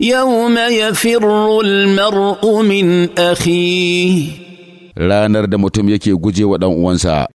يوم يفر المرء من أخيه ranar da mutum yake guje wa ɗan uwansa